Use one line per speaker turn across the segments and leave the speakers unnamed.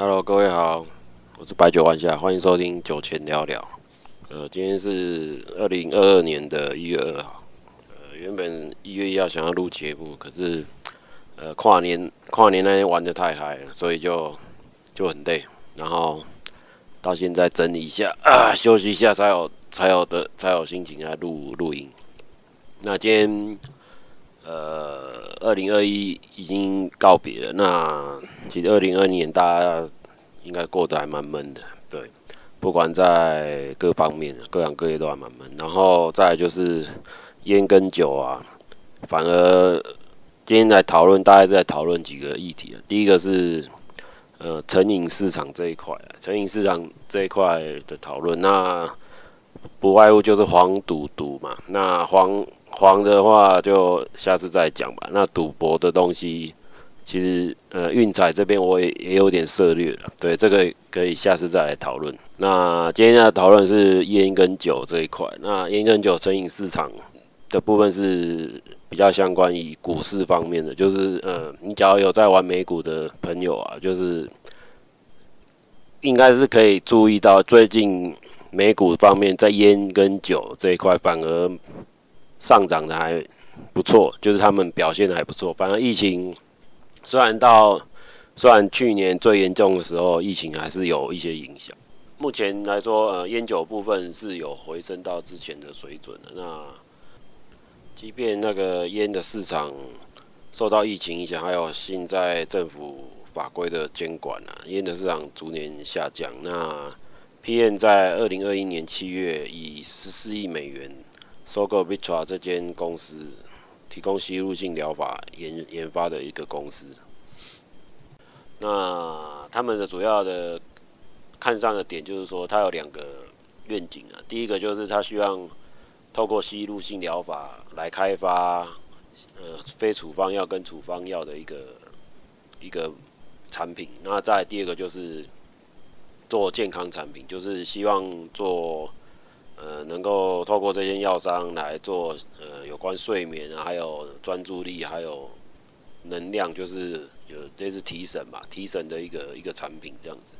Hello，各位好，我是白酒玩家，歡迎收聽酒前聊聊。呃，今天是二零二二年的一月二號。呃，原本一月一號想要錄節目，可是，呃，跨年跨年那天玩得太嗨了，所以就就很累。然後到現在整理一下，啊，休息一下才，才有才有的才有心情來錄錄音。那今天。呃，二零二一已經告別了。那其實二零二零年大家應該過得還蠻悶的，對，不管在各方面、各行各業都還蠻悶。然後再來就是菸跟酒啊，反而今天來討論，大家在討論幾個議題。第一個是呃成癮市場這一塊，成癮市場這一塊的討論，那不外乎就是黃賭毒嘛，那黃。黃的話，就下次再講吧。那賭博的東西，其實呃，運彩這邊我也也有點涉略了。對，這個可以下次再來討論。那今天的討論是煙跟酒這一塊。那煙跟酒，成癮市場的部分是比較相關於股市方面的，就是呃，你假如有在玩美股的朋友啊，就是應該是可以注意到，最近美股方面在煙跟酒這一塊反而上漲的還不錯，就是他們表現的還不錯。反正疫情雖然到雖然去年最嚴重的時候，疫情還是有一些影響。目前來說，呃，菸酒部分是有回升到之前的水準的。那即便那個菸的市場受到疫情影響，還有現在政府法規的監管啊，菸的市場逐年下降。那 PM 在二零二一年七月以十四億美元。s o g o Vitra 這間公司，提供吸入性療法研研發的一個公司。那他們的主要的看上的點就是說，他有兩個願景啊。第一個就是他希望透過吸入性療法來開發呃非處方藥跟處方藥的一個一個產品。那再第二個就是做健康產品，就是希望做。呃，能夠透過這些藥商來做呃，有關睡眠、啊、還有專注力、還有能量、就是，就是有類似提神吧？提神的一個一個產品這樣子。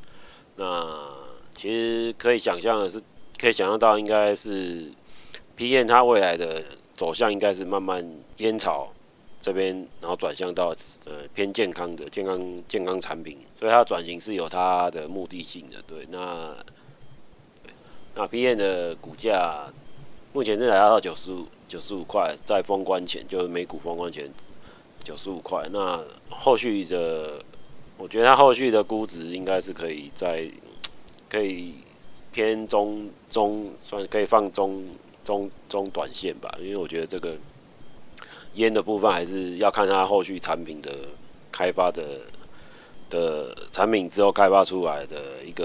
那其實可以想象的是，可以想象到應該是 PM，它未來的走向，應該是慢慢菸草這邊，然後轉向到呃偏健康的健康健康產品，所以它轉型是有它的目的性的。對，那。那 PM 的股價目前是來到九十五九十五塊，在封關前就是美股封關前九十五塊。那後續的，我覺得它後續的估值應該是可以在可以偏中中算可以放中中中短線吧，因為我覺得這個菸的部分還是要看它後續產品的開發的的產品之後開發出來的一個。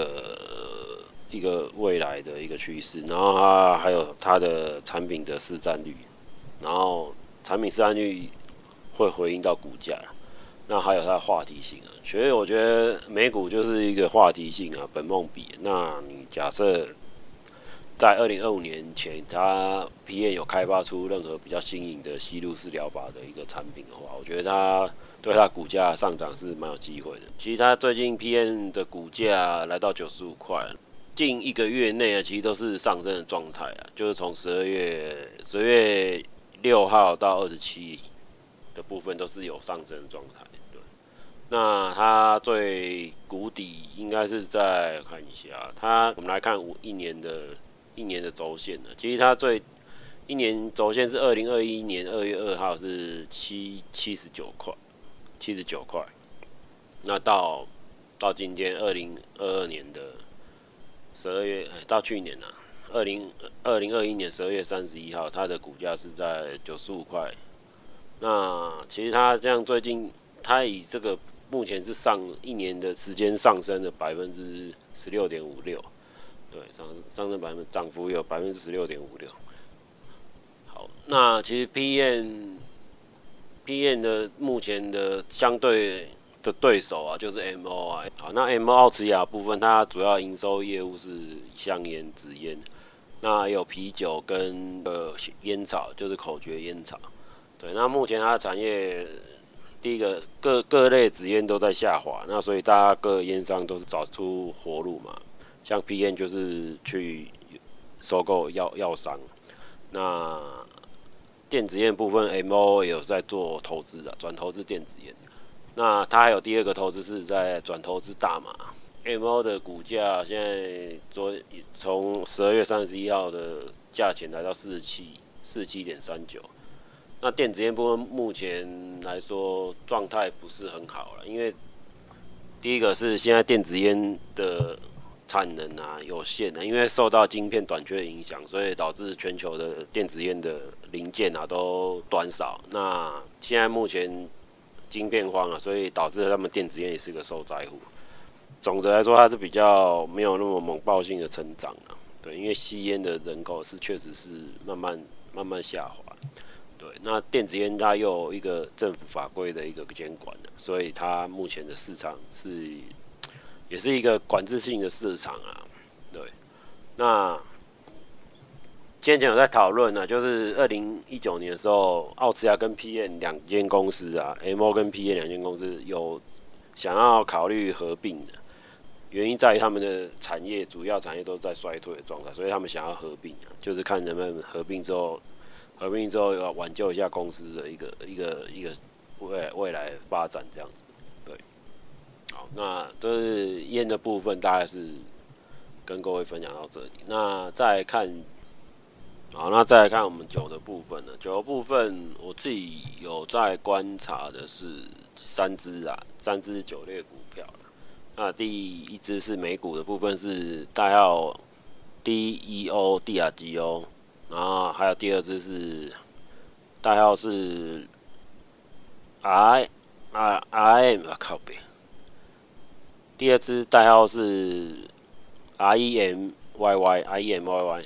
一個未來的一個趨勢，然後它還有它的產品的市占率，然後產品市占率會回應到股價，那還有它的話題性啊，所以我覺得美股就是一個話題性啊。嗯、本夢比，那你假設在二零二五年前，它 PM 有開發出任何比較新穎的吸入式療法的一個產品的話，我覺得它對它股價上漲是蠻有機會的。其實它最近 PM 的股價、啊嗯、來到九十五塊。近一個月內啊，其實都是上升的狀態啊，就是從十二月十月六號到二十七的部分都是有上升的狀態。對。那它最谷底應該是在看一下、啊、它，我們來看五一年的、一年的軸線呢，其實它最一年軸線是二零二一年二月二號是七七十九塊，七十九塊。那到到今天二零二二年的。十二月到去年呢，二零二零二一年十二月三十一號，它的股價是在九十五塊。那其實它這樣最近，它以這個目前是上一年的時間上升了百分之十六點五六，對，上上升百分漲幅有百分之十六點五六。好，那其實 PM PM 的目前的相對。的對手啊，就是 M O、啊。好，那 M 奧馳亞部分，它主要營收業務是香菸、紙菸，那有啤酒跟呃菸草，就是口訣菸草。對，那目前它的產業第一個各各類紙菸都在下滑，那所以大家各菸商都是找出活路嘛。像 P M 就是去收購藥藥商，那電子菸部分，M O 有在做投資、啊、的，轉投資電子菸。那它還有第二個投資是在轉投資大麻 MO 的股價現在昨從十二月三十一號的價錢來到四十七四十七點三九。那電子菸部分目前來說狀態不是很好了，因為第一個是現在電子菸的產能啊有限的啊，因為受到晶片短缺的影響，所以導致全球的電子菸的零件啊都短少。那現在目前。經變荒啊，所以導致了他們電子煙也是一個受災戶。總的來說，它是比較沒有那麼猛爆性的成長了啊。對，因為吸煙的人口是確實是慢慢慢慢下滑。對，那電子煙它又有一個政府法規的一個監管啊，所以它目前的市場是也是一個管制性的市場啊。對，那。先前有在討論呢，就是二零一九年的時候，奧馳亞跟 PM 兩間公司啊 MO 跟 PM 兩間公司有想要考慮合併的原因，在於他們的產業主要產業都在衰退的狀態，所以他們想要合併、啊，就是看能不能合併之後，合併之後要挽救一下公司的一個一個一個未來未來發展這樣子。對，好，那這是菸的部分，大概是跟各位分享到這裡。那再來看。好，那再來看我們酒的部分呢？酒的部分，我自己有在觀察的是三支啊，三支酒類股票。那第一支是美股的部分是代號 D E O D R G O，然後還有第二支是代號是 I I I M，啊靠北。第二支代號是 R E M Y Y，R E M Y Y。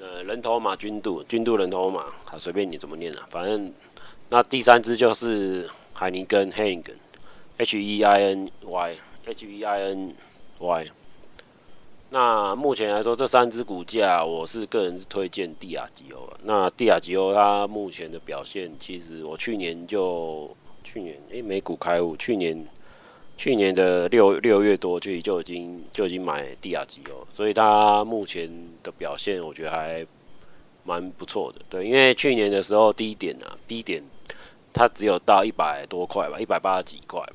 呃，人頭馬君度，君度人頭馬，好、啊，隨便你怎麼念啊，反正那第三只就是海尼根黑尼根，H E I N Y，H E I N Y。那目前來說，這三隻股價，我是個人推薦蒂亞吉歐。那蒂亞吉歐它目前的表現，其實我去年就去年，誒、欸，美股開戶去年。去年的六六月多就就已經就已經買蒂亞吉歐，所以他目前的表現我覺得還蠻不錯的。對，因為去年的時候低點啊，低點它只有到一百多塊吧，一百八十幾塊吧。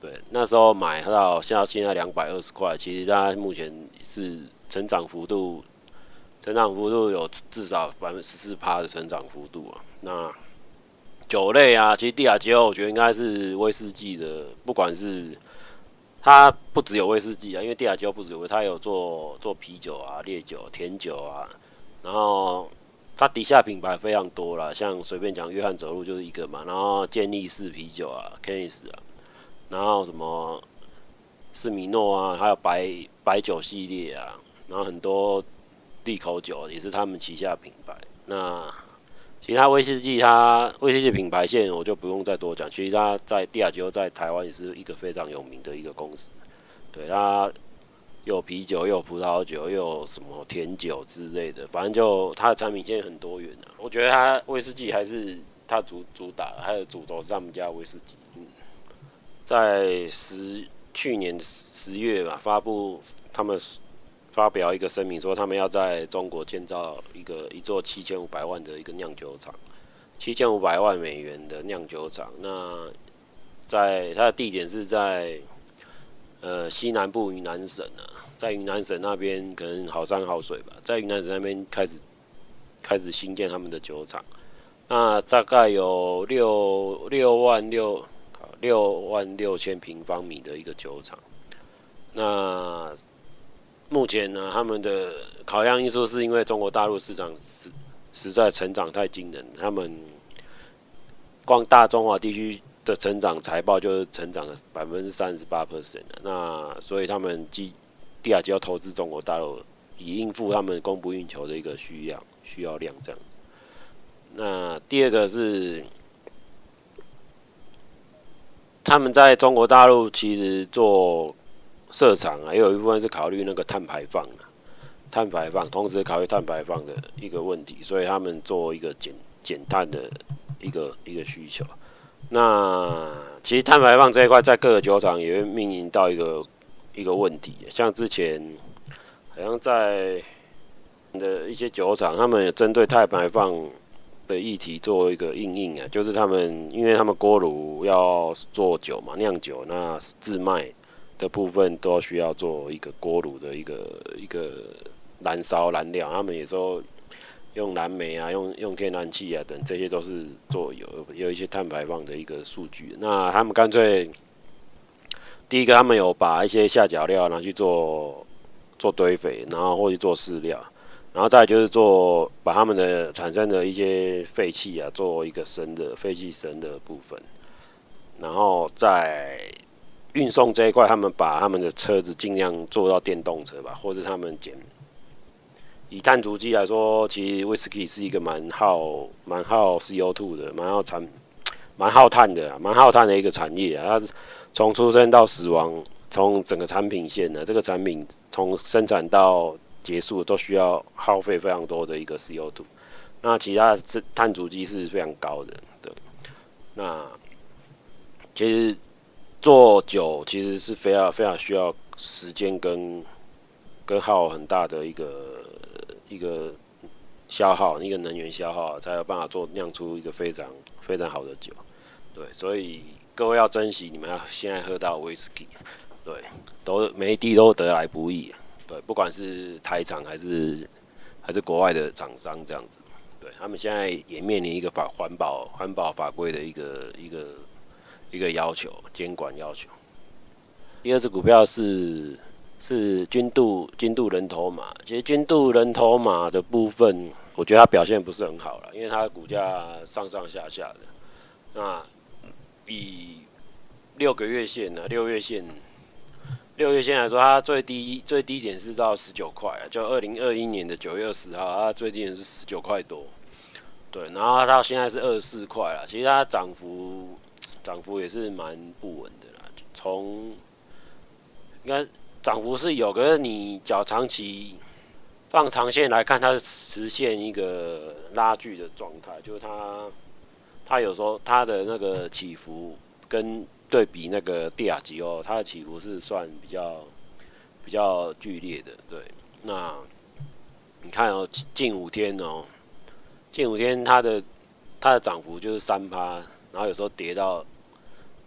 對，那時候買到下現在兩百二十塊，其實它目前是成長幅度，成長幅度有至少百分之十四趴的成長幅度啊。那酒類啊，其實蒂亞吉歐我覺得應該是威士忌的，不管是它不只有威士忌啊，因為帝亞吉歐不只有它有做做啤酒啊，烈酒、甜酒啊，然後它底下品牌非常多啦，像隨便講約翰走路就是一個嘛，然後健力士啤酒啊、k e n g s 啊，然後什麼斯米諾啊，還有白白酒系列啊，然後很多利口酒也是他們旗下品牌那。其實他威士忌他，它威士忌品牌線我就不用再多講。其實它在帝亞吉歐在台灣也是一個非常有名的一個公司，對，它有啤酒，有葡萄酒，又有什麼甜酒之類的，反正就它的產品線很多元啊。我覺得它威士忌還是它主主打，還有主軸是他們家威士忌。在十去年十月吧，發布他們。發表一個聲明說，他們要在中國建造一個一座七千五百萬的一個釀酒廠，七千五百萬美元的釀酒廠。那在它的地點是在呃西南部雲南省呢、啊，在雲南省那邊可能好山好水吧，在雲南省那邊開始開始新建他們的酒廠。那大概有六六萬六六萬六千平方米的一個酒廠。那。目前呢，他們的考量因素是因為中國大陸市場實實在成長太驚人，他們光大中華地區的成長財報就是成長38了百分之三十八 percent 的，那所以他們第第二就要投資中國大陸，以應付他們供不應求的一個需要需要量這樣子。那第二個是，他們在中國大陸其實做。設廠啊，也有一部分是考慮那個碳排放、碳排放，同時考慮碳排放的一個問題，所以他們做一個減減碳的一個一個需求。那其實碳排放這一塊在各個酒廠也會面臨到一個一個問題，像之前好像在的一些酒廠，他們也針對碳排放的議題做一個應用啊，就是他們因為他們鍋爐要做酒嘛，釀酒那自賣。的部分都需要做一個鍋爐的一個一個燃燒燃料，他們也說用燃煤啊，用用天然氣啊等，這些都是做有有一些碳排放的一個數據。那他們乾脆第一個，他們有把一些下腳料拿去做做堆肥，然後或去做飼料，然後再就是做把他們的產生的一些廢氣啊，做一個生的廢氣生的部分，然後再。運送這一塊，他們把他們的車子盡量做到電動車吧，或是他們減。以碳足跡來說，其實威士忌是一個蠻耗、蠻耗 CO₂ 的，蠻耗產、蠻耗碳的、啊，蠻耗碳的一個產業啊。它從出生到死亡，從整個產品線呢、啊，這個產品從生產到結束，都需要耗費非常多的一個 CO₂。那其他是碳足跡是非常高的。對，那其實。做酒其實是非常非常需要時間跟跟耗很大的一個一個消耗，一個能源消耗，才有辦法做釀出一個非常非常好的酒。對，所以各位要珍惜你們要現在喝到威士忌，對，都每一滴都得來不易。對，不管是台廠還是還是國外的廠商這樣子，對他們現在也面臨一個法環保環保法規的一個一個。一個要求，監管要求。第二支股票是是君度，君度人頭馬，其實君度人頭馬的部分，我覺得它表現不是很好了，因為它的股價上上下下的。那比六個月線呢、啊，六月線六月線來說，它最低最低點是到十九塊，就二零二一年的九月二十號，它最低點是十九塊多。對，然後到現在是二十四塊了，其實它漲幅。漲幅也是蠻不穩的啦。從應該漲幅是有，可是你較長期放長線來看，它是實現一個拉鋸的狀態，就是它它有時候它的那個起伏跟對比那個帝亞吉歐，它的起伏是算比較比較劇烈的。對，那你看哦、喔，近五天哦、喔，近五天它的它的漲幅就是三趴，然後有時候跌到。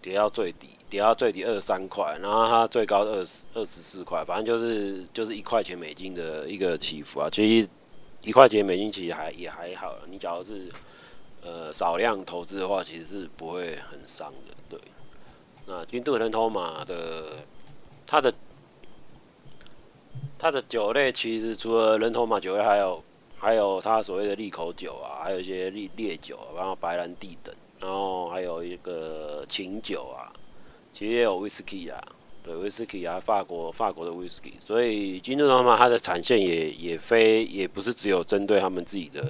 跌到最低，跌到最低二十三塊，然後它最高二十二十四塊，反正就是就是一塊錢美金的一個起伏啊。其實一塊錢美金其實還也還好，你假如是呃少量投資的話，其實是不會很傷的。對，那印度人頭馬的它的它的酒類其實除了人頭馬酒類，還有還有它所謂的利口酒啊，還有一些烈，烈酒啊，然後白蘭地等。然、哦、後還有一個琴酒啊，其實也有威士忌啊，對，威士忌啊，法國法國的威士忌。所以金正他們它的產線也也非也不是只有針對他們自己的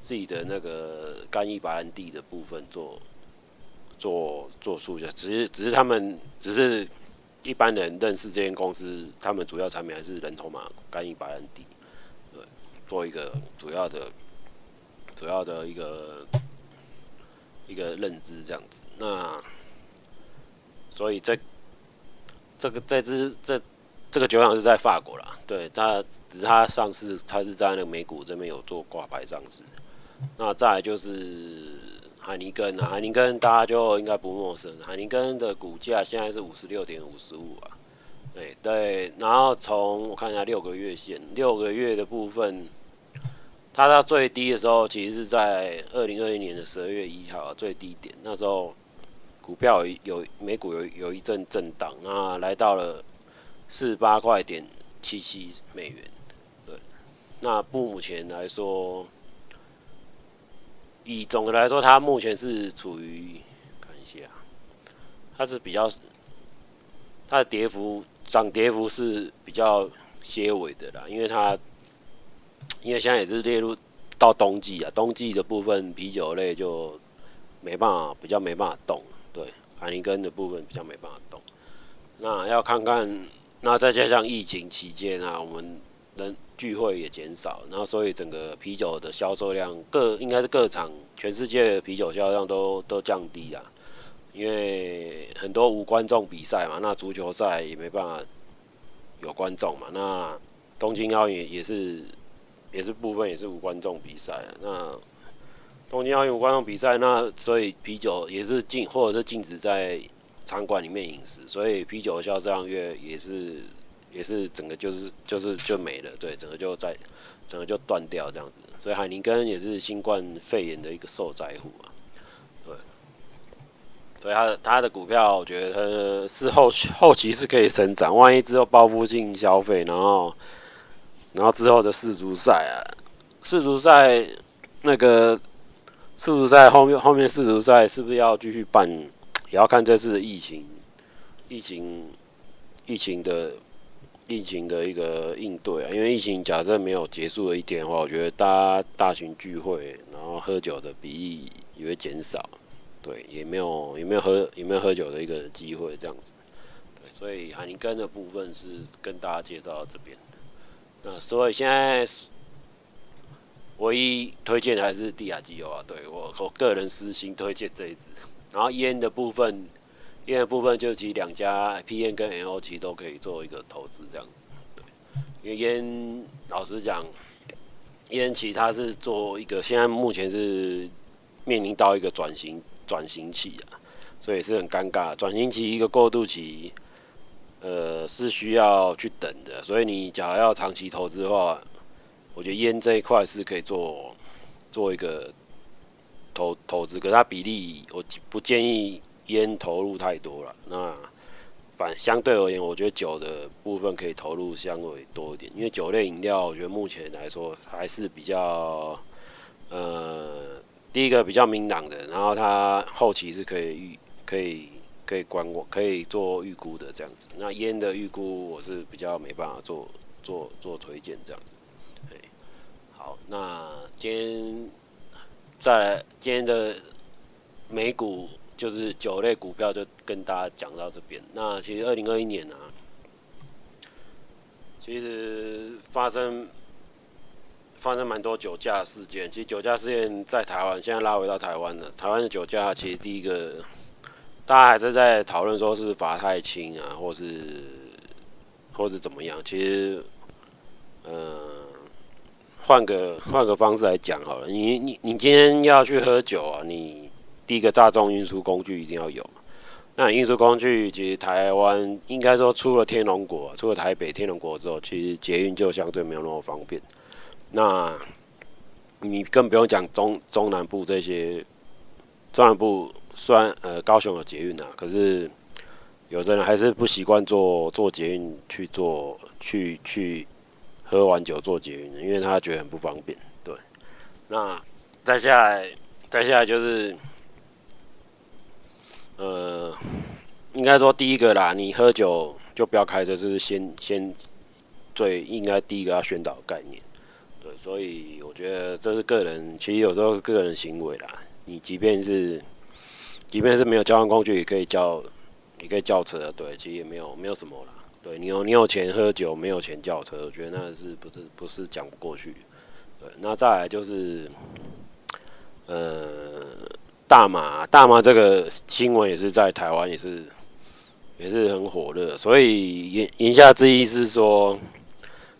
自己的那個干邑白蘭地的部分做做做輸出，只是只是他們只是一般人認識這間公司，他們主要產品還是人頭馬干邑白蘭地，對，做一個主要的主要的一個。一個認知這樣子，那所以這這個這支這這個酒廠是在法國啦，對，它它上市，它是在那個美股這邊有做掛牌上市。那再來就是海尼根啊，海尼根大家就應該不陌生。海尼根的股價現在是五十六點五十五啊，對對，然後從我看一下六個月線，六個月的部分，它到最低的時候，其實是在二零二一年的十二月一號最低點，那時候股票有，有美股有有一陣震盪，那來到了四十八塊點七七美元。對，那目前來說，以總的來說，它目前是處於看一下，它是比較它的跌幅漲跌幅是比較些微的啦，因為它。因為現在也是列入到冬季啊，冬季的部分啤酒類就沒辦法，比較沒辦法動。對，海尼根的部分比較沒辦法動。那要看看，那再加上疫情期間啊，我們人聚會也減少，然後所以整個啤酒的銷售量各應該是各廠全世界的啤酒銷量都都降低了啊，因為很多無觀眾比賽嘛，那足球賽也沒辦法有觀眾嘛，那東京奧運也是，也是部分也是無觀眾比賽啊，那東京奧運無觀眾比賽，那所以啤酒也是禁或者是禁止在場館裡面飲食，所以啤酒的銷量月也是也是整個就是就是就沒了，對，整個就在整個就斷掉這樣子，所以海寧根也是新冠肺炎的一個受災戶嘛，對，所以他的他的股票，我覺得事後後期是可以生長，萬一之後報復性消費，然後。然後之後的世足賽啊，世足賽，那個世足賽後面後面世足賽是不是要繼續辦？也要看這次的疫情，疫情，疫情的疫情的一個應對啊。因為疫情假設沒有結束的一天的話，我覺得大大型聚會，然後喝酒的比例也會減少。對，也沒有也沒有喝也沒有喝酒的一個機會這樣子。對，所以海尼根的部分是跟大家介紹到這邊。呃、所以現在唯一推薦的還是帝亞吉歐啊。對，我我個人私心推薦這一支。然後菸的部分，菸的部分就其實兩家 PM 跟 MO 都可以做一個投資這樣子。對，因為菸老實講，菸其它是做一個現在目前是面臨到一個轉型轉型期啊，所以是很尷尬，轉型期一個過渡期。呃，是需要去等的，所以你假如要長期投資的話，我覺得煙這一塊是可以做做一個投投資，可它比例我不建議煙投入太多了。那反相對而言，我覺得酒的部分可以投入相對多一點，因為酒類飲料我覺得目前來說還是比較呃第一個比較明朗的，然後它後期是可以預可以。可以管我，我可以做預估的這樣子。那煙的預估我是比較沒辦法做做做推薦這樣子。對，好，那今天再來，今天的美股就是酒類股票，就跟大家講到這邊。那其實二零二一年啊，其實發生發生蠻多酒駕事件。其實酒駕事件在台灣，現在拉回到台灣了。台灣的酒駕，其實第一個。大家還是在討論，說是罰太輕啊，或是或是怎麼樣？其實，嗯、呃，換個換個方式來講好了。你你你今天要去喝酒啊？你第一個大眾運輸工具一定要有。那運輸工具其實台灣應該說出了天龍國、啊，出了台北天龍國之後，其實捷運就相對沒有那麼方便。那你更不用講中中南部這些中南部。雖然呃、高雄有捷運啦，可是有的人還是不習慣坐坐捷運去坐去去喝完酒坐捷運，因為他覺得很不方便。對，那再下來再下來就是呃，應該說第一個啦，你喝酒就不要開車，就是先先最應該第一個要宣導的概念。對，所以我覺得這是個人，其實有時候是個人行為啦。你即便是即便是沒有交通工具，也可以叫，也可以叫車。對，其實也沒有沒有什麼啦。對，你有你有錢喝酒，沒有錢叫車，我覺得那是不是不是講不過去。對，那再來就是，呃，大麻，大麻這個新聞也是在台灣也是也是很火熱。所以言言下之意是說，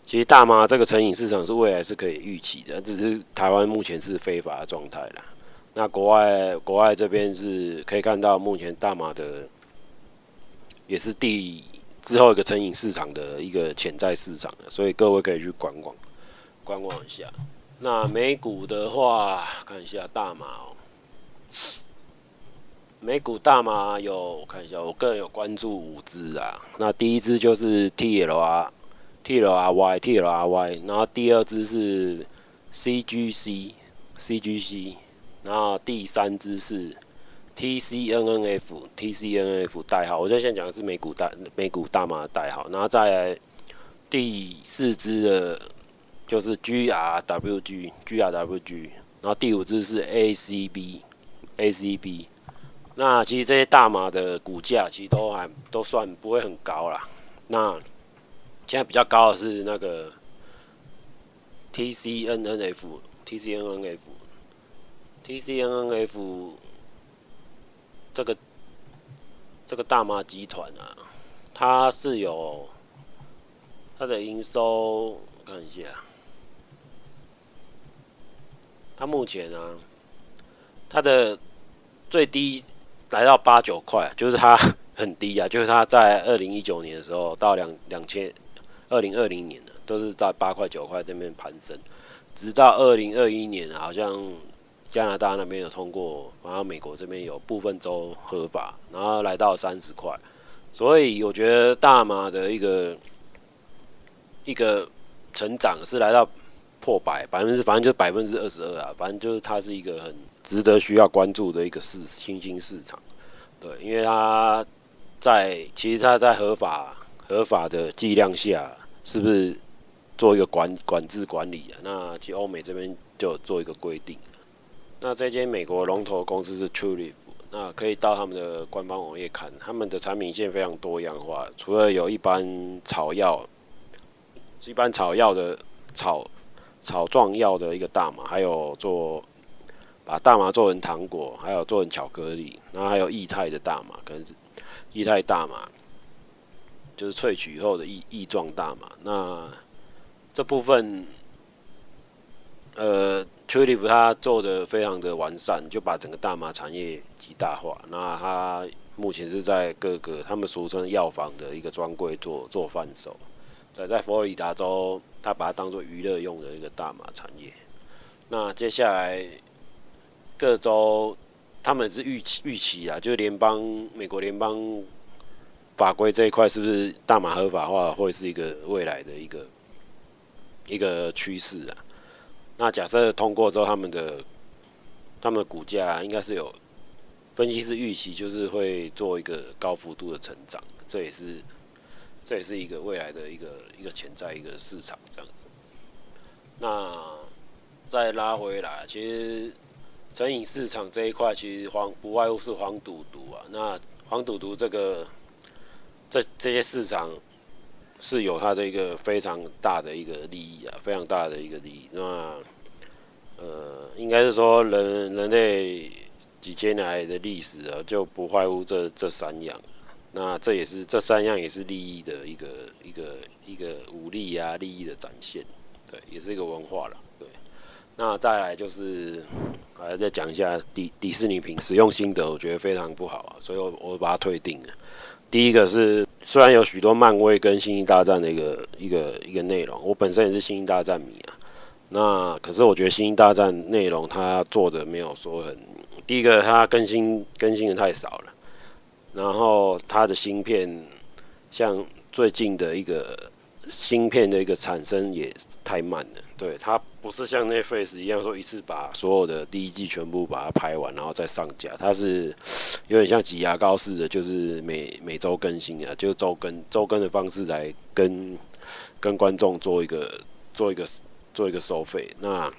其實大麻這個成癮市場是未來是可以預期的，只是台灣目前是非法的狀態啦。那國外國外這邊是可以看到，目前大麻的也是第之後一個成癮市場的一個潛在市場，所以各位可以去觀望、觀望一下。那美股的話，看一下大麻哦、喔，美股大麻有我看一下，我個人有關注五支啊。那第一支就是 T L R T L R Y T L R Y，然後第二支是 C G C C G C。那第三支是 T C N N F T C N N F 代號，我最現在講的是美股大美股大麻代號。然後再來第四支的，就是 G R W G G R W G。然後第五支是 A C B A C B。那其實這些大麻的股價其實都還都算不會很高啦。那現在比較高的，是那個 T C N N F T C N N F。D C N N F 這個這個大麻集團啊，它是有它的營收，我看一下，它目前啊，它的最低來到八九塊，就是它很低啊，就是它在二零一九年的時候到兩兩千二零二零年的都是在八塊九塊這邊攀升，直到二零二一年好像。加拿大那邊有通過，然後美國這邊有部分州合法，然後來到三十塊，所以我覺得大麻的一個一個成長是來到破百百分之，反正就是百分之二十二啊，反正就是它是一個很值得需要關注的一個市新興市場，對，因為它在其實它在合法合法的劑量下，是不是做一個管管制管理啊？那其實歐美這邊就做一個規定。那這間美國龍頭的公司是 True Leaf，那可以到他們的官方網頁看。他們的產品線非常多樣化，除了有一般草藥，一般草藥的草草狀藥的一個大麻，還有做把大麻做成糖果，還有做成巧克力，然後還有液態的大麻，可能是液態大麻，就是萃取以後的液液狀大麻。那這部分，呃。Trulieve 他做的非常的完善，就把整個大麻產業極大化。那他目前是在各個他們俗稱藥房的一個專櫃做做販售，在在佛羅里達州，他把它當做娛樂用的一個大麻產業。那接下來各州他們是預期預期啊，就是聯邦美國聯邦法規這一塊，是不是大麻合法化會是一個未來的一個一個趨勢啊？那假設通過之後，他們的他們的股價應該是有分析師預期，就是會做一個高幅度的成長，這也是這也是一個未來的一個一個潛在一個市場這樣子。那再拉回來，其實成癮市場這一塊其實黃不外乎是黃賭毒啊。那黃賭毒這個這這些市場。是有它的一個非常大的一個利益啊，非常大的一個利益。那呃，應該是說人人類幾千年來的歷史啊，就不外乎這這三樣。那這也是這三樣也是利益的一個一個一個武力啊，利益的展現。對，也是一個文化了。對，那再來就是我來再講一下迪迪士尼 Plus 使用心得，我覺得非常不好啊，所以我我把它退訂了。第一個是。雖然有許多漫威跟《星際大戰》的一個一個一個內容，我本身也是《星際大戰》迷啊。那可是我覺得《星際大戰》內容它做的沒有說很，第一個它更新更新的太少了，然後它的新片像最近的一個。芯片的一個產生也太慢了，對，它不是像 Netflix 一樣說一次把所有的第一季全部把它拍完然後再上架，它是有點像擠牙膏似的，就是每每週更新啊，就週更週更的方式來跟跟觀眾做一個做一個做一個收費。那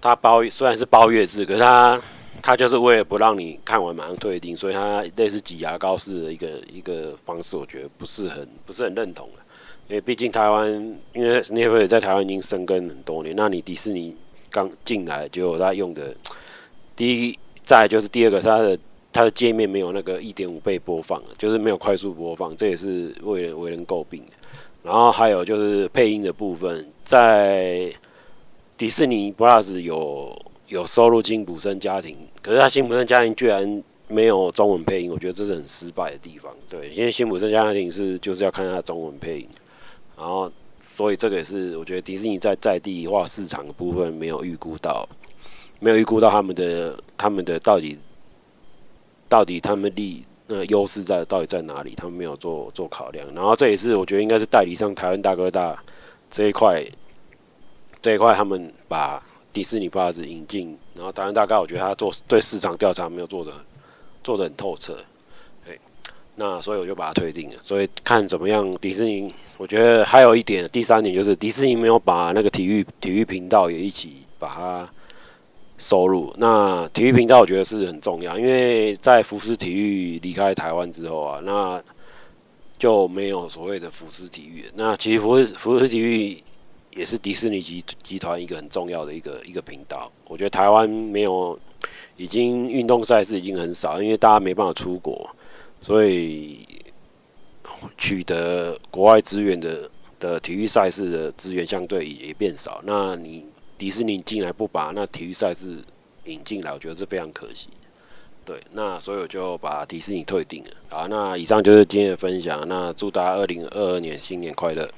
它包雖然是包月制，可是它。他就是為了不讓你看完馬上退訂，所以他類似擠牙膏式的一個一個方式，我覺得不是很不是很認同的。因為畢竟台灣，因為 Netflix 在台灣已經生根很多年，那你迪士尼剛進來就他用的，第一，再就是第二個是他，它的它的界面沒有那個一點五倍播放，就是沒有快速播放，這也是為人為人詬病的。然後還有就是配音的部分，在迪士尼 Plus 有。有收入辛普森家庭，可是他辛普森家庭居然沒有中文配音，我覺得這是很失敗的地方。對，因為辛普森家庭是就是要看他的中文配音，然後所以這個也是我覺得迪士尼在在地化市場的部分沒有預估到，沒有預估到他們的他們的到底到底他們利那個優勢在到底在哪裡，他們沒有做做考量。然後這也是我覺得應該是代理商台灣大哥大這一塊這一塊他們把。迪士尼巴子引進，然後當然大概我覺得他做對市場調查沒有做得做得很透徹，對，那所以我就把它退訂了。所以看怎麼樣迪士尼，我覺得還有一點，第三點就是迪士尼沒有把那個體育體育頻道也一起把它收入。那體育頻道我覺得是很重要，因為在福斯體育離開台灣之後啊，那就沒有所謂的福斯體育。那其實福斯福斯體育也是迪士尼集集團一個很重要的一個一個頻道。我覺得台灣沒有，已經運動賽事已經很少，因為大家沒辦法出國，所以取得國外資源的的體育賽事的資源相對也變少。那你迪士尼進來不把那體育賽事引進來，我覺得是非常可惜的。對，那所以我就把迪士尼退訂了。好，那以上就是今天的分享。那祝大家二零二二年新年快樂。